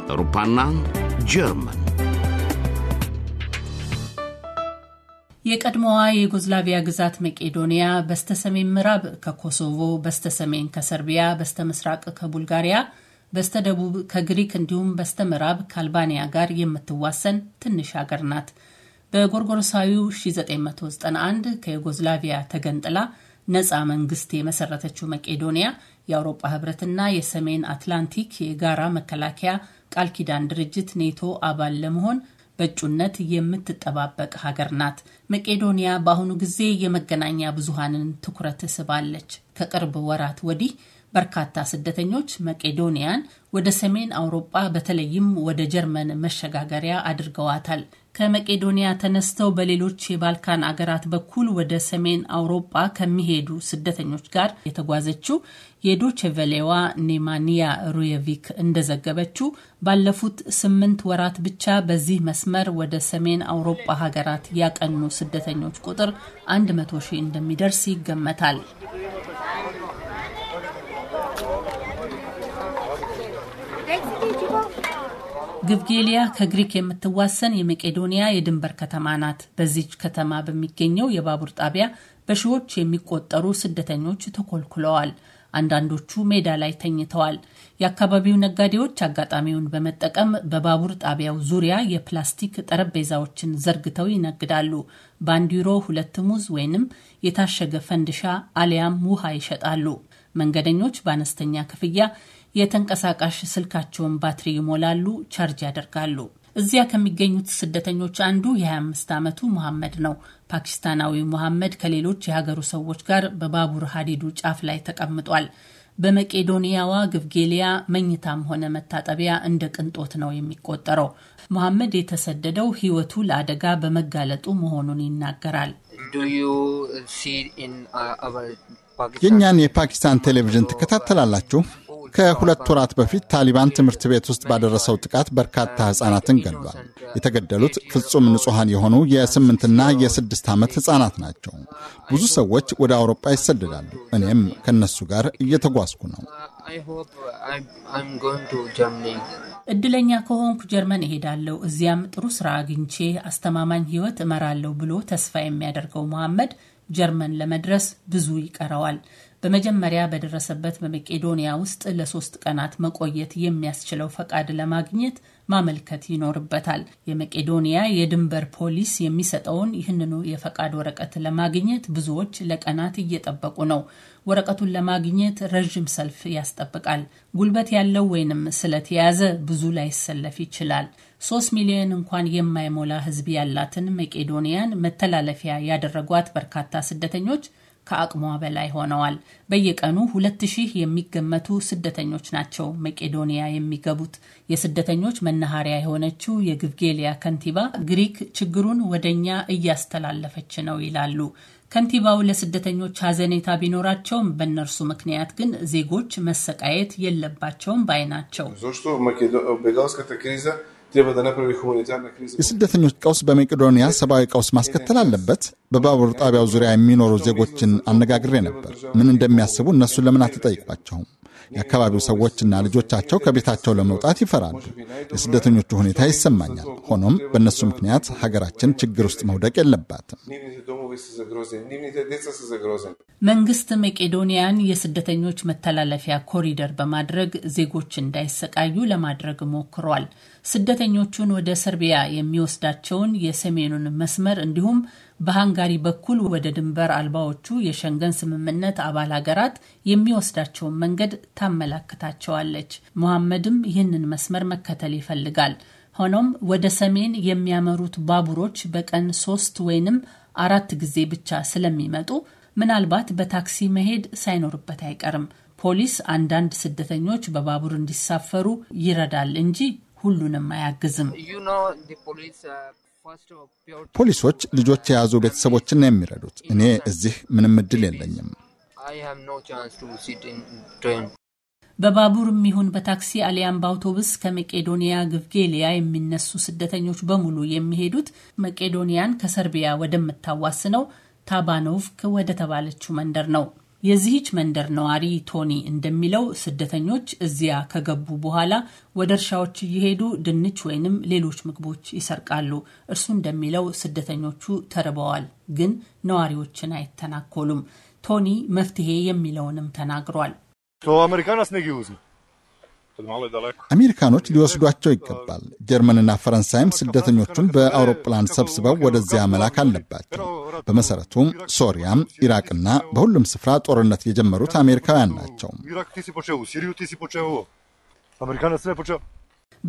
አውሮፓና ጀርመን የቀድሞዋ የዩጎዝላቪያ ግዛት መቄዶንያ በስተ ሰሜን ምዕራብ ከኮሶቮ፣ በስተ ሰሜን ከሰርቢያ፣ በስተ ምስራቅ ከቡልጋሪያ፣ በስተ ደቡብ ከግሪክ እንዲሁም በስተ ምዕራብ ከአልባንያ ጋር የምትዋሰን ትንሽ ሀገር ናት። በጎርጎሮሳዊው 1991 ከዩጎዝላቪያ ተገንጥላ ነፃ መንግስት የመሰረተችው መቄዶንያ የአውሮፓ ህብረትና የሰሜን አትላንቲክ የጋራ መከላከያ ቃል ኪዳን ድርጅት ኔቶ አባል ለመሆን በእጩነት የምትጠባበቅ ሀገር ናት። መቄዶንያ በአሁኑ ጊዜ የመገናኛ ብዙሃንን ትኩረት ስባለች። ከቅርብ ወራት ወዲህ በርካታ ስደተኞች መቄዶንያን ወደ ሰሜን አውሮጳ በተለይም ወደ ጀርመን መሸጋገሪያ አድርገዋታል። ከመቄዶንያ ተነስተው በሌሎች የባልካን አገራት በኩል ወደ ሰሜን አውሮጳ ከሚሄዱ ስደተኞች ጋር የተጓዘችው የዶችቬሌዋ ኔማኒያ ሩየቪክ እንደዘገበችው ባለፉት ስምንት ወራት ብቻ በዚህ መስመር ወደ ሰሜን አውሮጳ ሀገራት ያቀኑ ስደተኞች ቁጥር 100 ሺህ እንደሚደርስ ይገመታል። ግብጌሊያ ከግሪክ የምትዋሰን የመቄዶንያ የድንበር ከተማ ናት። በዚች ከተማ በሚገኘው የባቡር ጣቢያ በሺዎች የሚቆጠሩ ስደተኞች ተኮልኩለዋል። አንዳንዶቹ ሜዳ ላይ ተኝተዋል። የአካባቢው ነጋዴዎች አጋጣሚውን በመጠቀም በባቡር ጣቢያው ዙሪያ የፕላስቲክ ጠረጴዛዎችን ዘርግተው ይነግዳሉ። በአንድ ዩሮ ሁለት ሙዝ ወይንም የታሸገ ፈንድሻ አሊያም ውሃ ይሸጣሉ። መንገደኞች በአነስተኛ ክፍያ የተንቀሳቃሽ ስልካቸውን ባትሪ ይሞላሉ፣ ቻርጅ ያደርጋሉ። እዚያ ከሚገኙት ስደተኞች አንዱ የ25 ዓመቱ መሐመድ ነው። ፓኪስታናዊ መሐመድ ከሌሎች የሀገሩ ሰዎች ጋር በባቡር ሀዲዱ ጫፍ ላይ ተቀምጧል። በመቄዶንያዋ ግብጌሊያ መኝታም ሆነ መታጠቢያ እንደ ቅንጦት ነው የሚቆጠረው። መሐመድ የተሰደደው ሕይወቱ ለአደጋ በመጋለጡ መሆኑን ይናገራል። uh, የእኛን የፓኪስታን ቴሌቪዥን ትከታተላላችሁ? ከሁለት ወራት በፊት ታሊባን ትምህርት ቤት ውስጥ ባደረሰው ጥቃት በርካታ ሕፃናትን ገድሏል። የተገደሉት ፍጹም ንጹሐን የሆኑ የስምንትና የስድስት ዓመት ሕፃናት ናቸው። ብዙ ሰዎች ወደ አውሮጳ ይሰደዳሉ። እኔም ከነሱ ጋር እየተጓዝኩ ነው። እድለኛ ከሆንኩ ጀርመን እሄዳለሁ። እዚያም ጥሩ ስራ አግኝቼ አስተማማኝ ህይወት እመራለሁ ብሎ ተስፋ የሚያደርገው መሐመድ ጀርመን ለመድረስ ብዙ ይቀረዋል። በመጀመሪያ በደረሰበት በመቄዶንያ ውስጥ ለሶስት ቀናት መቆየት የሚያስችለው ፈቃድ ለማግኘት ማመልከት ይኖርበታል። የመቄዶንያ የድንበር ፖሊስ የሚሰጠውን ይህንኑ የፈቃድ ወረቀት ለማግኘት ብዙዎች ለቀናት እየጠበቁ ነው። ወረቀቱን ለማግኘት ረዥም ሰልፍ ያስጠብቃል። ጉልበት ያለው ወይንም ስለተያዘ ብዙ ላይሰለፍ ይችላል። ሶስት ሚሊዮን እንኳን የማይሞላ ሕዝብ ያላትን መቄዶንያን መተላለፊያ ያደረጓት በርካታ ስደተኞች ከአቅሟ በላይ ሆነዋል። በየቀኑ ሁለት ሺህ የሚገመቱ ስደተኞች ናቸው መቄዶንያ የሚገቡት። የስደተኞች መናኸሪያ የሆነችው የግብጌሊያ ከንቲባ ግሪክ ችግሩን ወደኛ እያስተላለፈች ነው ይላሉ። ከንቲባው ለስደተኞች ሀዘኔታ ቢኖራቸውም በእነርሱ ምክንያት ግን ዜጎች መሰቃየት የለባቸውም ባይ ናቸው። የስደተኞች ቀውስ በመቄዶንያ ሰብአዊ ቀውስ ማስከተል አለበት? በባቡር ጣቢያው ዙሪያ የሚኖሩ ዜጎችን አነጋግሬ ነበር። ምን እንደሚያስቡ እነሱን ለምን አትጠይቋቸውም? የአካባቢው ሰዎችና ልጆቻቸው ከቤታቸው ለመውጣት ይፈራሉ። የስደተኞቹ ሁኔታ ይሰማኛል። ሆኖም በእነሱ ምክንያት ሀገራችን ችግር ውስጥ መውደቅ የለባትም። መንግስት መቄዶንያን የስደተኞች መተላለፊያ ኮሪደር በማድረግ ዜጎች እንዳይሰቃዩ ለማድረግ ሞክሯል። ስደተኞቹን ወደ ሰርቢያ የሚወስዳቸውን የሰሜኑን መስመር እንዲሁም በሃንጋሪ በኩል ወደ ድንበር አልባዎቹ የሸንገን ስምምነት አባል ሀገራት የሚወስዳቸውን መንገድ ታመላክታቸዋለች። መሐመድም ይህንን መስመር መከተል ይፈልጋል። ሆኖም ወደ ሰሜን የሚያመሩት ባቡሮች በቀን ሶስት ወይንም አራት ጊዜ ብቻ ስለሚመጡ ምናልባት በታክሲ መሄድ ሳይኖርበት አይቀርም። ፖሊስ አንዳንድ ስደተኞች በባቡር እንዲሳፈሩ ይረዳል እንጂ ሁሉንም አያግዝም። ፖሊሶች ልጆች የያዙ ቤተሰቦችን ነው የሚረዱት። እኔ እዚህ ምንም እድል የለኝም። በባቡርም ይሁን በታክሲ አሊያም በአውቶቡስ ከመቄዶንያ ግብጌሊያ የሚነሱ ስደተኞች በሙሉ የሚሄዱት መቄዶንያን ከሰርቢያ ወደምታዋስነው ታባኖቭክ ወደ ተባለችው መንደር ነው። የዚህች መንደር ነዋሪ ቶኒ እንደሚለው ስደተኞች እዚያ ከገቡ በኋላ ወደ እርሻዎች እየሄዱ ድንች ወይንም ሌሎች ምግቦች ይሰርቃሉ። እርሱ እንደሚለው ስደተኞቹ ተርበዋል፣ ግን ነዋሪዎችን አይተናኮሉም። ቶኒ መፍትሄ የሚለውንም ተናግሯል። አሜሪካኖች ሊወስዷቸው ይገባል። ጀርመንና ፈረንሳይም ስደተኞቹን በአውሮፕላን ሰብስበው ወደዚያ መላክ አለባቸው። በመሰረቱም ሶሪያም፣ ኢራቅና በሁሉም ስፍራ ጦርነት የጀመሩት አሜሪካውያን ናቸው።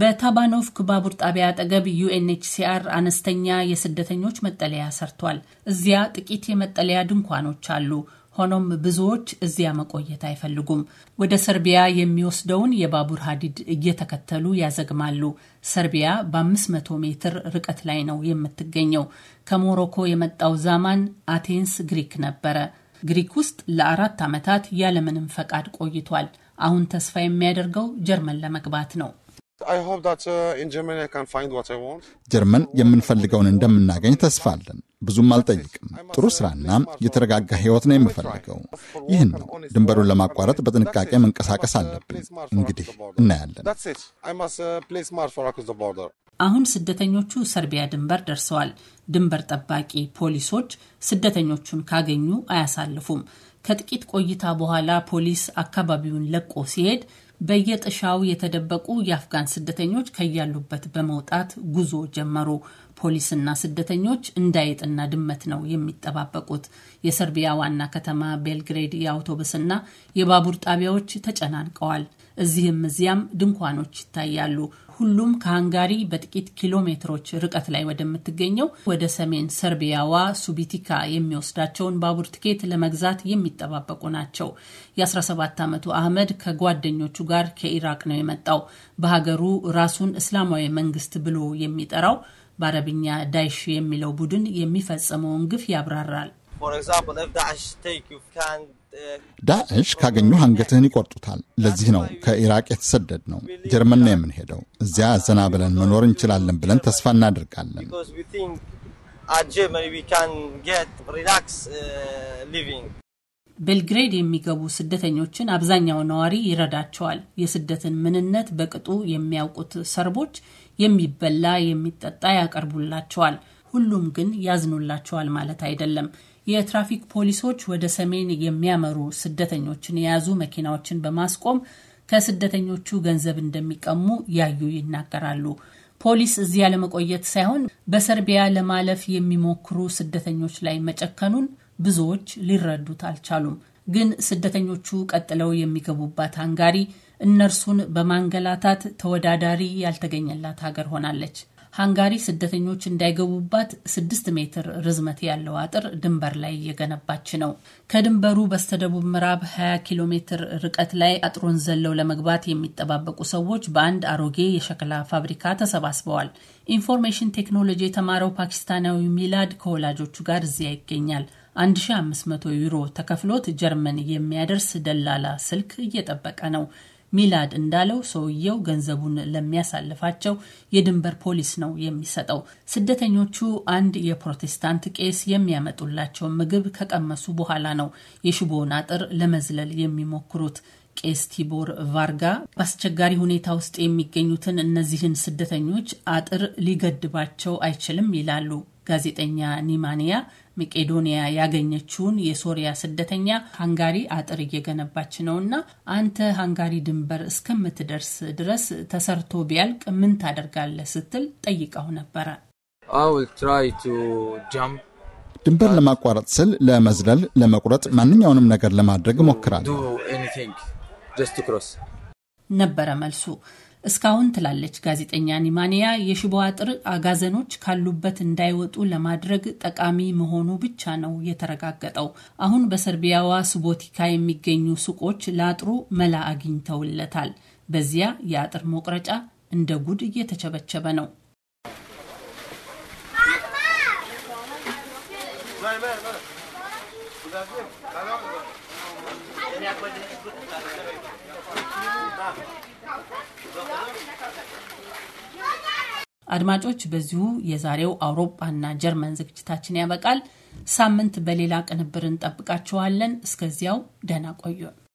በታባኖቭክ ባቡር ጣቢያ አጠገብ ዩኤንኤችሲአር አነስተኛ የስደተኞች መጠለያ ሰርቷል። እዚያ ጥቂት የመጠለያ ድንኳኖች አሉ። ሆኖም ብዙዎች እዚያ መቆየት አይፈልጉም። ወደ ሰርቢያ የሚወስደውን የባቡር ሀዲድ እየተከተሉ ያዘግማሉ። ሰርቢያ በ500 ሜትር ርቀት ላይ ነው የምትገኘው። ከሞሮኮ የመጣው ዛማን አቴንስ ግሪክ ነበረ። ግሪክ ውስጥ ለአራት ዓመታት ያለምንም ፈቃድ ቆይቷል። አሁን ተስፋ የሚያደርገው ጀርመን ለመግባት ነው። Uh, ጀርመን የምንፈልገውን እንደምናገኝ ተስፋ አለን። ብዙም አልጠይቅም። ጥሩ ስራና የተረጋጋ ህይወት ነው የምፈልገው። ይህን ነው። ድንበሩን ለማቋረጥ በጥንቃቄ መንቀሳቀስ አለብን። እንግዲህ እናያለን። uh, አሁን ስደተኞቹ ሰርቢያ ድንበር ደርሰዋል። ድንበር ጠባቂ ፖሊሶች ስደተኞቹን ካገኙ አያሳልፉም። ከጥቂት ቆይታ በኋላ ፖሊስ አካባቢውን ለቆ ሲሄድ በየጥሻው የተደበቁ የአፍጋን ስደተኞች ከያሉበት በመውጣት ጉዞ ጀመሩ። ፖሊስና ስደተኞች እንዳይጥና ድመት ነው የሚጠባበቁት። የሰርቢያ ዋና ከተማ ቤልግሬድ የአውቶቡስና የባቡር ጣቢያዎች ተጨናንቀዋል። እዚህም እዚያም ድንኳኖች ይታያሉ። ሁሉም ከሃንጋሪ በጥቂት ኪሎ ሜትሮች ርቀት ላይ ወደምትገኘው ወደ ሰሜን ሰርቢያዋ ሱቢቲካ የሚወስዳቸውን ባቡር ትኬት ለመግዛት የሚጠባበቁ ናቸው። የ17 ዓመቱ አህመድ ከጓደኞቹ ጋር ከኢራቅ ነው የመጣው። በሀገሩ ራሱን እስላማዊ መንግስት ብሎ የሚጠራው በአረብኛ ዳይሽ የሚለው ቡድን የሚፈጸመውን ግፍ ያብራራል። ዳዕሽ ካገኙ አንገትህን ይቆርጡታል። ለዚህ ነው ከኢራቅ የተሰደድ ነው ጀርመን ነው የምንሄደው። እዚያ ዘና ብለን መኖር እንችላለን ብለን ተስፋ እናደርጋለን። ቤልግሬድ የሚገቡ ስደተኞችን አብዛኛው ነዋሪ ይረዳቸዋል። የስደትን ምንነት በቅጡ የሚያውቁት ሰርቦች የሚበላ የሚጠጣ ያቀርቡላቸዋል። ሁሉም ግን ያዝኑላቸዋል ማለት አይደለም። የትራፊክ ፖሊሶች ወደ ሰሜን የሚያመሩ ስደተኞችን የያዙ መኪናዎችን በማስቆም ከስደተኞቹ ገንዘብ እንደሚቀሙ ያዩ ይናገራሉ። ፖሊስ እዚያ ለመቆየት ሳይሆን በሰርቢያ ለማለፍ የሚሞክሩ ስደተኞች ላይ መጨከኑን ብዙዎች ሊረዱት አልቻሉም። ግን ስደተኞቹ ቀጥለው የሚገቡባት ሃንጋሪ እነርሱን በማንገላታት ተወዳዳሪ ያልተገኘላት ሀገር ሆናለች። ሃንጋሪ ስደተኞች እንዳይገቡባት ስድስት ሜትር ርዝመት ያለው አጥር ድንበር ላይ እየገነባች ነው። ከድንበሩ በስተደቡብ ምዕራብ 20 ኪሎ ሜትር ርቀት ላይ አጥሩን ዘለው ለመግባት የሚጠባበቁ ሰዎች በአንድ አሮጌ የሸክላ ፋብሪካ ተሰባስበዋል። ኢንፎርሜሽን ቴክኖሎጂ የተማረው ፓኪስታናዊ ሚላድ ከወላጆቹ ጋር እዚያ ይገኛል። 1500 ዩሮ ተከፍሎት ጀርመን የሚያደርስ ደላላ ስልክ እየጠበቀ ነው። ሚላድ እንዳለው ሰውየው ገንዘቡን ለሚያሳልፋቸው የድንበር ፖሊስ ነው የሚሰጠው። ስደተኞቹ አንድ የፕሮቴስታንት ቄስ የሚያመጡላቸውን ምግብ ከቀመሱ በኋላ ነው የሽቦውን አጥር ለመዝለል የሚሞክሩት። ቄስ ቲቦር ቫርጋ በአስቸጋሪ ሁኔታ ውስጥ የሚገኙትን እነዚህን ስደተኞች አጥር ሊገድባቸው አይችልም ይላሉ። ጋዜጠኛ ኒማንያ መቄዶንያ ያገኘችውን የሶሪያ ስደተኛ ሃንጋሪ አጥር እየገነባች ነው እና አንተ ሃንጋሪ ድንበር እስከምትደርስ ድረስ ተሰርቶ ቢያልቅ ምን ታደርጋለህ ስትል ጠይቀው ነበረ። ድንበር ለማቋረጥ ስል ለመዝለል፣ ለመቁረጥ፣ ማንኛውንም ነገር ለማድረግ እሞክራለሁ ነበረ መልሱ። እስካሁን ትላለች ጋዜጠኛ ኒማንያ የሽቦ አጥር አጋዘኖች ካሉበት እንዳይወጡ ለማድረግ ጠቃሚ መሆኑ ብቻ ነው የተረጋገጠው። አሁን በሰርቢያዋ ስቦቲካ የሚገኙ ሱቆች ለአጥሩ መላ አግኝተውለታል። በዚያ የአጥር መቁረጫ እንደ ጉድ እየተቸበቸበ ነው። አድማጮች፣ በዚሁ የዛሬው አውሮፓና ጀርመን ዝግጅታችን ያበቃል። ሳምንት በሌላ ቅንብር እንጠብቃችኋለን። እስከዚያው ደህና ቆዩን።